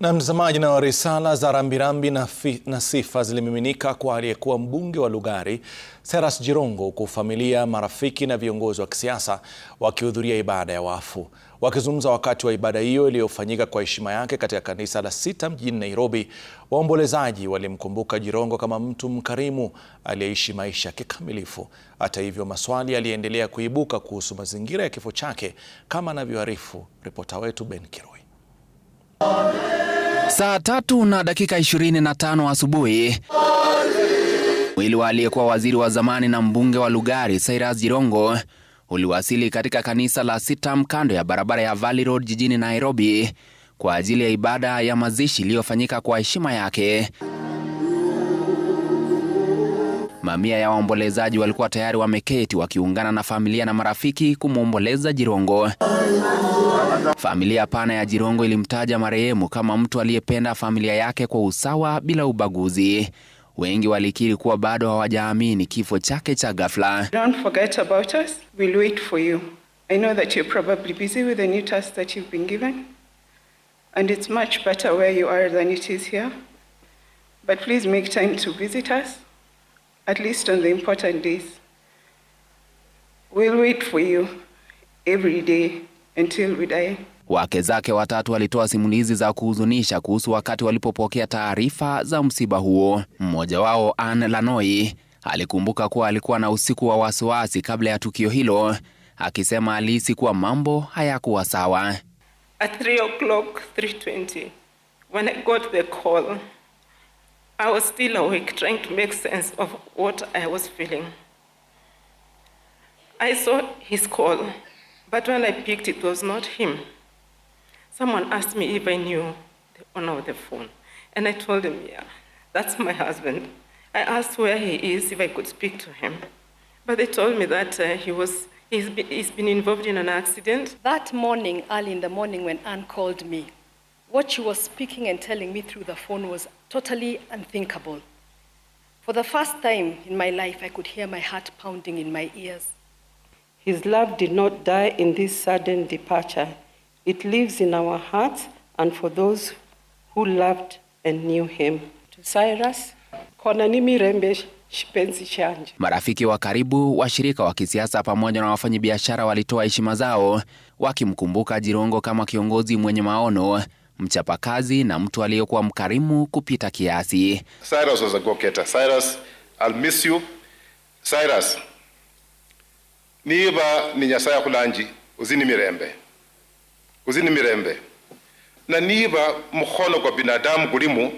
Na mtazamaji, nao risala za rambirambi na, na sifa zilimiminika kwa aliyekuwa mbunge wa Lugari Seras Jirongo, huku familia, marafiki na viongozi wa kisiasa wakihudhuria ibada ya wafu. Wakizungumza wakati wa ibada hiyo iliyofanyika kwa heshima yake katika kanisa la sita mjini Nairobi, waombolezaji walimkumbuka Jirongo kama mtu mkarimu aliyeishi maisha kikamilifu. Hata hivyo, maswali yaliendelea kuibuka kuhusu mazingira ya kifo chake, kama anavyoarifu ripota wetu Ben Kiroi. Saa tatu na dakika 25 asubuhi mwili wa aliyekuwa waziri wa zamani na mbunge wa Lugari Cyrus Jirongo uliwasili katika kanisa la Sitam kando ya barabara ya Valley Road jijini Nairobi kwa ajili ya ibada ya mazishi iliyofanyika kwa heshima yake. Mamia ya waombolezaji walikuwa tayari wameketi wakiungana na familia na marafiki kumwomboleza Jirongo. Familia pana ya Jirongo ilimtaja marehemu kama mtu aliyependa familia yake kwa usawa bila ubaguzi. Wengi walikiri kuwa bado hawajaamini kifo chake cha ghafla. But please make time to visit us at least on the important days. We'll wait for you every day until we die. Wake zake watatu walitoa simulizi za kuhuzunisha kuhusu wakati walipopokea taarifa za msiba huo. Mmoja wao Anne Lanoi alikumbuka kuwa alikuwa na usiku wa wasiwasi kabla ya tukio hilo, akisema alihisi kuwa mambo hayakuwa sawa. At 3 o'clock 3:20 when I got the call I was still awake, trying to make sense of what I was feeling. I saw his call, but when I picked it, it was not him. Someone asked me if I knew the owner of the phone, and I told him, yeah, that's my husband. I asked where he is, if I could speak to him. But they told me that uh, he was, he's been involved in an accident. That morning, early in the morning, when Anne called me, What she was speaking and telling me through the phone was totally unthinkable. For the first time in my life, I could hear my heart pounding in my ears. His love did not die in this sudden departure. It lives in our hearts and for those who loved and knew him. To Cyrus, kona nimi Marafiki wa karibu, washirika wa kisiasa pamoja na wafanyabiashara walitoa heshima zao wakimkumbuka Jirongo kama kiongozi mwenye maono mchapakazi na mtu aliyekuwa mkarimu kupita kiasi. Cyrus was a go-getter. Cyrus, I'll miss you. Cyrus, niba ni nyasaye kulanji uzini mirembe uzini mirembe na niba mkhono kwa binadamu kulimu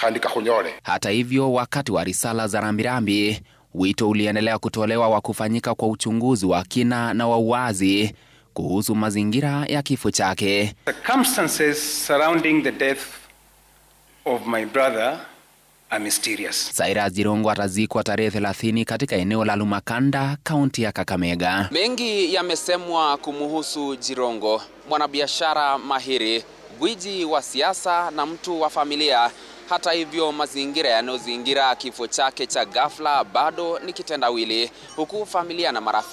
khandika khunyole. Hata hivyo, wakati wa risala za rambirambi, wito uliendelea kutolewa wa kufanyika kwa uchunguzi wa kina na wa uwazi kuhusu mazingira ya kifo chake. Cyrus Jirongo atazikwa tarehe 30 katika eneo la Lumakanda, kaunti ya Kakamega. Mengi yamesemwa kumuhusu Jirongo, mwanabiashara mahiri, gwiji wa siasa na mtu wa familia. Hata hivyo, mazingira yanayozingira kifo chake cha ghafla bado ni kitendawili, huku familia na marafiki